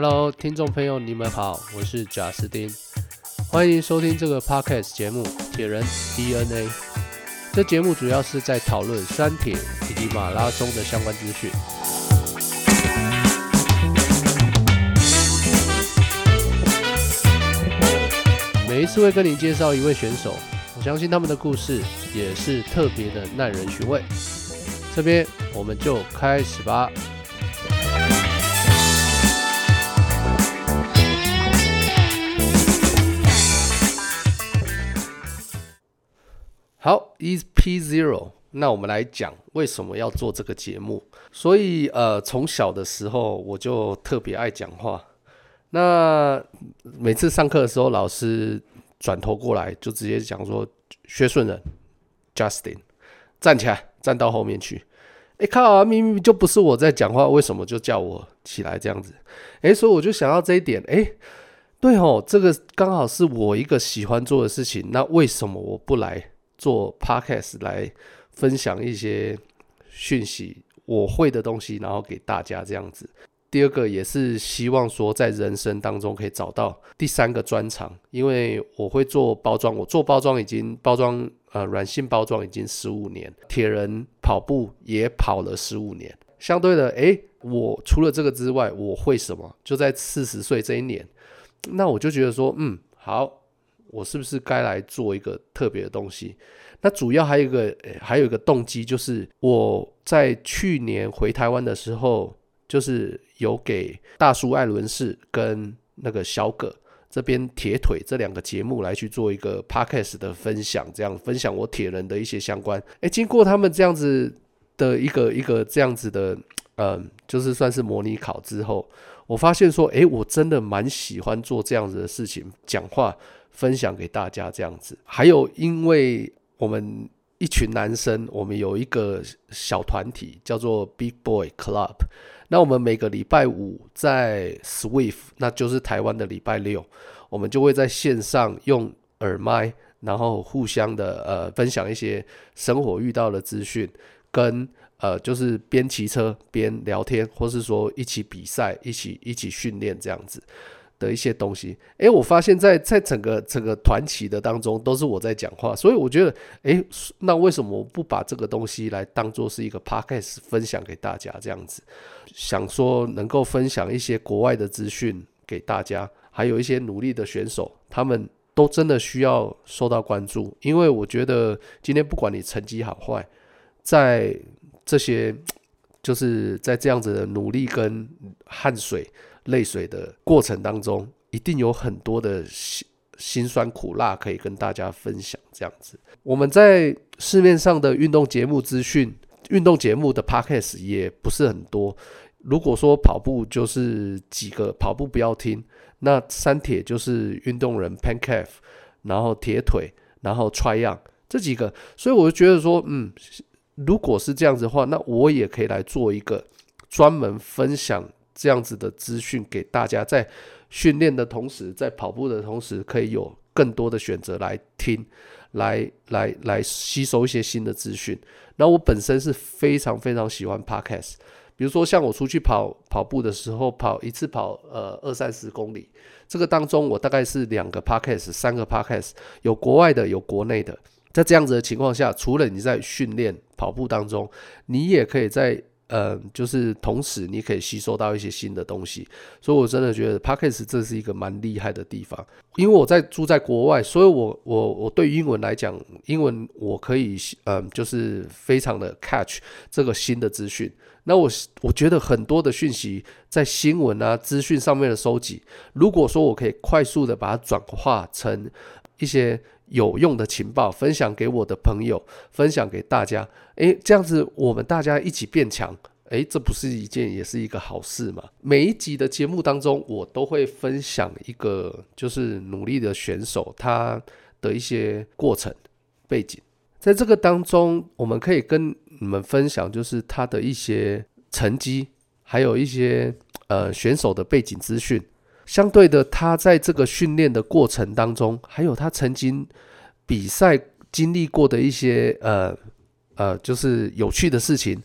Hello，聽眾朋友，你們好，我是賈斯丁，歡迎收聽這個 podcast 節目《鐵人 DNA》。這節目主要是在討論三鐵以及馬拉松的相關資訊。每一次會跟你介紹一位選手，我相信他們的故事也是特別的耐人尋味。這邊我們就開始吧。好，EP0，那我們來講為什麼要做這個節目。所以，呃，從小的時候我就特別愛講話。那每次上課的時候，老師轉頭過來就直接講說：“薛順人，Justin，站起來，站到後面去。”哎，看啊，明明就不是我在講話，為什麼就叫我起來這樣子？哎，所以我就想到這一點。哎，對哦，這個剛好是我一個喜歡做的事情。那為什麼我不來？做 Podcast 來分享一些訊息，我會的東西，然後給大家這樣子。第二個也是希望說，在人生當中可以找到第三個專長，因為我會做包裝，我做包裝已經包裝呃軟性包裝已經十五年，鐵人跑步也跑了十五年。相對的，誒，我除了這個之外，我會什麼？就在四十歲這一年，那我就覺得說，嗯，好。我是不是該來做一個特別的東西？那主要還有一個，還有一個動機，就是我在去年回台灣的時候，就是有給大叔艾倫士跟那個小葛這邊鐵腿這兩個節目來去做一個 podcast 的分享，這樣分享我鐵人的一些相關。誒，經過他們這樣子的一個一個這樣子的，嗯、呃，就是算是模擬考之後，我發現說，誒，我真的蠻喜歡做這樣子的事情，講話。分享給大家這樣子，還有因為我們一群男生，我們有一個小團體叫做 Big Boy Club。那我們每個禮拜五在 Zwift，那就是台灣的禮拜六，我們就會在線上用耳麥，然後互相的呃分享一些生活遇到的資訊，跟呃就是邊騎車邊聊天，或是說一起比賽、一起一起訓練這樣子。的一些東西，誒，我發現，在在整個整個團體的當中，都是我在講話，所以我覺得，誒，那為什麼我不把這個東西來當做是一個 podcast 分享給大家？這樣子，想說能夠分享一些國外的資訊給大家，還有一些努力的選手，他們都真的需要受到關注，因為我覺得今天不管你成績好壞，在這些就是在這樣子的努力跟汗水、淚水的過程當中，一定有很多的辛辛酸苦辣，可以跟大家分享。這樣子，我們在市面上的運動節目資訊、運動節目的 podcast 也不是很多。如果說跑步，就是幾個跑步不要聽，那三鐵就是運動人 pancake，然後鐵腿，然後 try young 這幾個，所以我就覺得說，嗯，如果是這樣子的話，那我也可以來做一個專門分享。這樣子的資訊給大家，在訓練的同時，在跑步的同時，可以有更多的選擇來聽，來來來吸收一些新的資訊。那我本身是非常非常喜歡 podcast，比如說像我出去跑跑步的時候，跑一次跑呃二三十公里，這個當中我大概是兩個 podcast，三個 podcast，有國外的，有國內的。在這樣子的情況下，除了你在訓練跑步當中，你也可以在。呃、嗯，就是同時你可以吸收到一些新的東西，所以我真的覺得 Podcast 這是一個蠻厲害的地方。因為我在住在國外，所以我我我對英文來講，英文我可以嗯，就是非常的 catch 這個新的資訊。那我我覺得很多的訊息在新聞啊、資訊上面的收集，如果說我可以快速的把它轉化成。一些有用的情報，分享給我的朋友，分享給大家。誒，這樣子我們大家一起變強，誒，這不是一件也是一個好事嗎？每一集的節目當中，我都會分享一個就是努力的選手他的一些過程背景，在這個當中，我們可以跟你們分享，就是他的一些成績，還有一些呃選手的背景資訊。相對的，他在這個訓練的過程當中，還有他曾經比賽經歷過的一些呃呃，就是有趣的事情。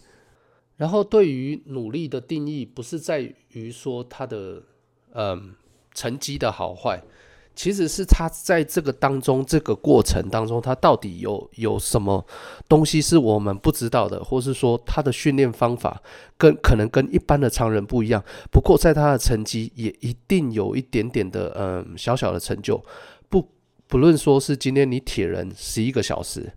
然後，對於努力的定義，不是在於說他的嗯、呃、成績的好壞。其實是他在這個當中，這個過程當中，他到底有有什麼東西是我們不知道的，或是說他的訓練方法跟可能跟一般的常人不一樣。不過在他的成績也一定有一點點的，嗯，小小的成就。不不論說是今天你鐵人十一個小時、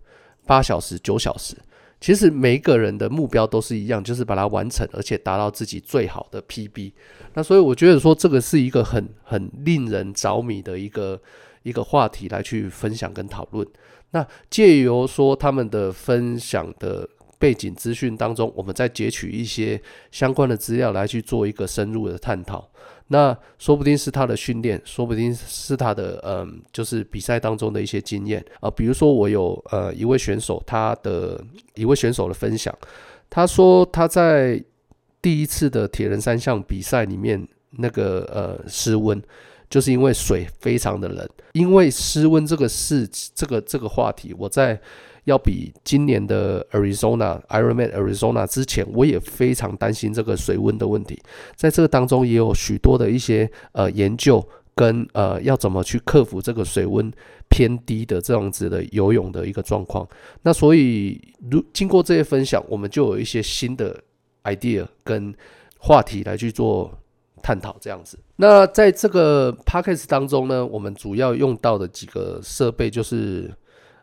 八小時、九小時。其實每一個人的目標都是一樣，就是把它完成，而且達到自己最好的 PB。那所以我覺得說，這個是一個很很令人着迷的一個一個話題來去分享跟討論。那借由說他們的分享的背景資訊當中，我們再截取一些相關的資料來去做一個深入的探討。那說不定是他的訓練，說不定是他的嗯、呃，就是比賽當中的一些經驗啊、呃。比如說，我有呃一位選手，他的一位選手的分享，他說他在第一次的鐵人三項比賽裡面那個呃失溫，就是因為水非常的冷。因為失溫這個事，這個這個話題，我在，要比今年的 Arizona Ironman Arizona 之前，我也非常擔心這個水溫的問題。在這個當中也有許多的一些呃研究跟呃要怎麼去克服這個水溫偏低的這樣子的游泳的一個狀況。那所以如經過這些分享，我們就有一些新的 idea 跟話題來去做探討這樣子。那在這個 Podcast 當中呢，我們主要用到的幾個設備就是。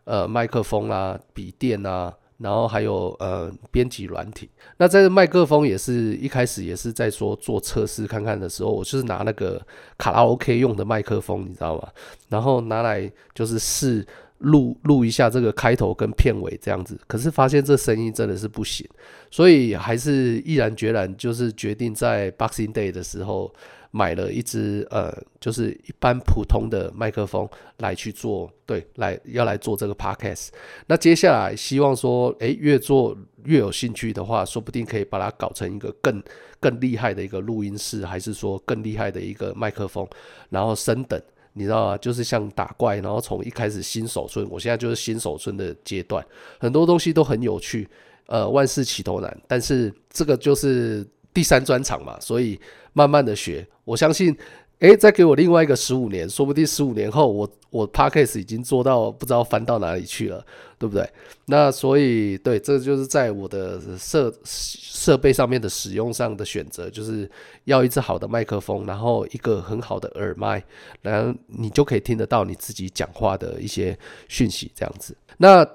呃，麥克風啦，筆電啦、啊，然後還有呃，編輯軟體。那這個麥克風也是一開始也是在說做測試看看的時候，我就是拿那個卡拉 OK 用的麥克風，你知道嗎？然後拿來就是試。錄錄一下這個開頭跟片尾這樣子，可是發現這聲音真的是不行，所以還是毅然決然就是決定在 Boxing Day 的時候買了一支呃，就是一般普通的麥克風來去做，對，來要來做這個 podcast。那接下來希望說，誒、欸，越做越有興趣的話，說不定可以把它搞成一個更更厲害的一個錄音室，還是說更厲害的一個麥克風，然後升等。你知道啊，就是像打怪，然後從一開始新手村，我現在就是新手村的階段，很多東西都很有趣。呃，萬事起頭難，但是這個就是第三專場嘛，所以慢慢的學，我相信。誒，再給我另外一個十五年，說不定十五年後我，我我 Podcast 已經做到不知道翻到哪裡去了，對不對？那所以，對，這就是在我的設設備上面的使用上的選擇，就是要一支好的麥克風，然後一個很好的耳麥，然後你就可以聽得到你自己講話的一些訊息，這樣子。那。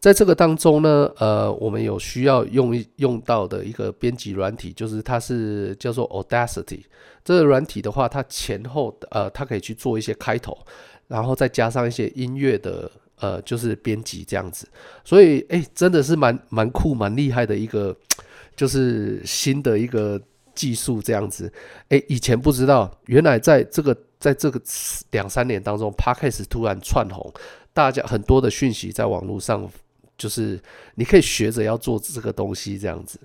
在這個當中呢，呃，我們有需要用一用到的一個編輯軟體，就是它是叫做 Audacity。這個軟體的話，它前後呃，它可以去做一些開頭，然後再加上一些音樂的呃，就是編輯這樣子。所以，欸，真的是蠻蠻酷，蠻厲害的一個，就是新的一個技術這樣子。欸，以前不知道，原來在這個在這個兩三年當中 Podcast 突然竄紅，大家很多的訊息在網絡上。就是你可以學着要做這個東西，這樣子，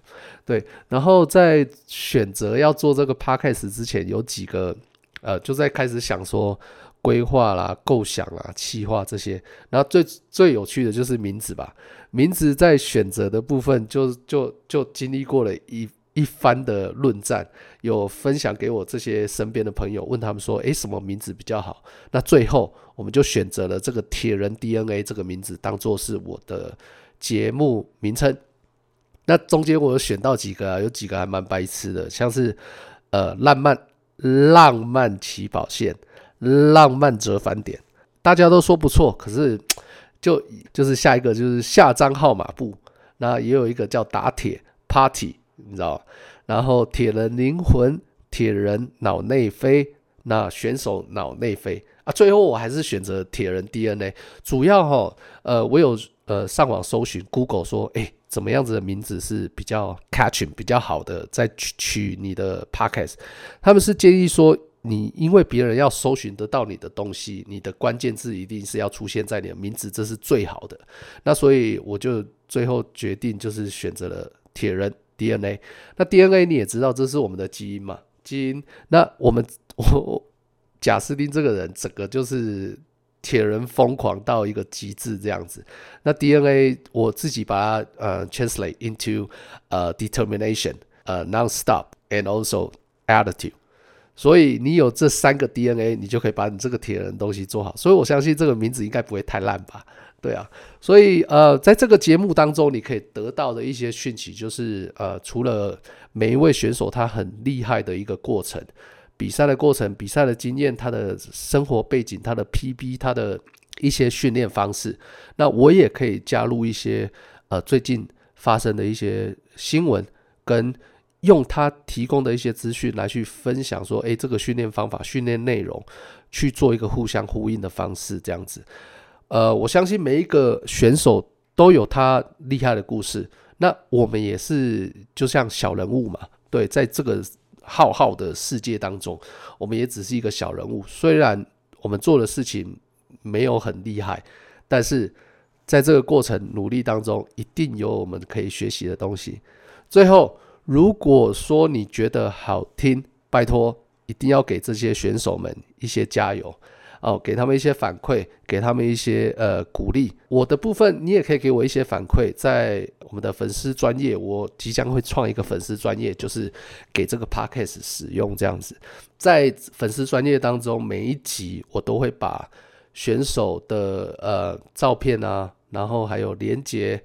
對。然後在選擇要做這個 podcast 之前，有幾個呃，就在開始想說規劃啦、構想啦、企劃，這些。然後最最有趣的就是名字吧，名字在選擇的部分就就就經歷過了一。一番的論戰，有分享給我這些身邊的朋友，問他們說：“誒、欸，什麼名字比較好？”那最後我們就選擇了這個“鐵人 DNA” 這個名字當做是我的節目名稱。那中間我有選到幾個啊，有幾個還蠻白痴的，像是呃“浪漫浪漫起跑線”、“浪漫折返點”，大家都說不錯，可是就就是下一個就是“下張號碼布”，那也有一個叫打“打鐵 Party”。你知道然後鐵人靈魂，鐵人腦內飛，那選手腦內飛啊！最後我還是選擇鐵人 DNA，主要哈，哦，呃，我有呃上網搜尋 Google 說，誒，怎麼樣子的名字是比較 catching、比較好的，在取你的 podcast 他們是建議說，你因為別人要搜尋得到你的東西，你的關鍵字一定是要出現在你的名字，這是最好的。那所以我就最後決定，就是選擇了鐵人。DNA，那 DNA 你也知道，這是我們的基因嘛，基因。那我們我賈斯汀這個人，整個就是鐵人瘋狂到一個極致這樣子。那 DNA 我自己把它呃、uh, translate into 呃、uh, determination，呃、uh, non-stop and also attitude。所以你有這三個 DNA，你就可以把你這個鐵人東西做好。所以我相信這個名字應該不會太爛吧。對啊，所以呃，在這個節目當中，你可以得到的一些訊息就是呃，除了每一位選手他很厲害的一個過程，比賽的過程、比賽的經驗、他的生活背景、他的 PB、他的一些訓練方式，那我也可以加入一些呃最近發生的一些新聞，跟用他提供的一些資訊來去分享說，說誒，這個訓練方法、訓練內容去做一個互相呼應的方式，這樣子。呃，我相信每一個選手都有他厲害的故事。那我們也是，就像小人物嘛，對，在這個浩浩的世界當中，我們也只是一個小人物。雖然我們做的事情沒有很厲害，但是在這個過程努力當中，一定有我們可以學習的東西。最後，如果說你覺得好聽，拜託一定要給這些選手們一些加油。哦，給他們一些反饋，給他們一些呃鼓勵。我的部分，你也可以給我一些反饋。在我們的粉絲專業，我即將會創一個粉絲專業，就是給這個 podcast 使用這樣子。在粉絲專業當中，每一集我都會把選手的呃照片啊，然後還有連接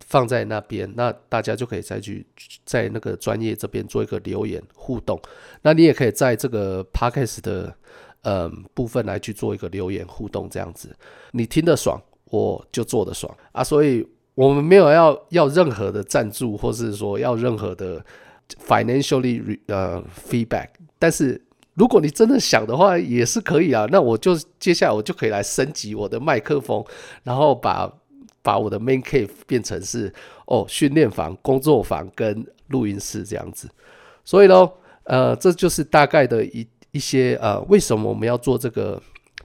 放在那邊，那大家就可以再去在那個專業這邊做一個留言互動。那你也可以在這個 podcast 的。嗯，部分來去做一個留言互動，這樣子，你聽得爽，我就做得爽啊。所以我們沒有要要任何的贊助，或是說要任何的 financially 呃 feedback。但是如果你真的想的話，也是可以啊。那我就接下來我就可以來升級我的麥克風，然後把把我的 main cave 變成是哦訓練房、工作房跟錄音室這樣子。所以呢，呃，這就是大概的一。一些呃，為什麼我們要做這個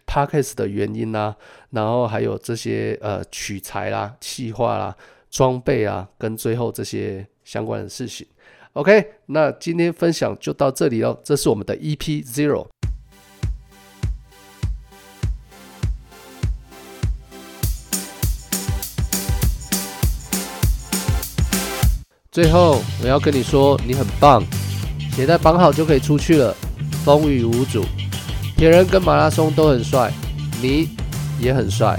Podcast 的原因呢？啊，然後還有這些呃取材啦、啊、企劃啦、裝備啊，跟最後這些相關的事情。OK，那今天分享就到這裡哦。這是我們的 EP Zero。最後，我要跟你說，你很棒，鞋帶綁好就可以出去了。風雨無阻，鐵人跟馬拉松都很帥，你也很帥。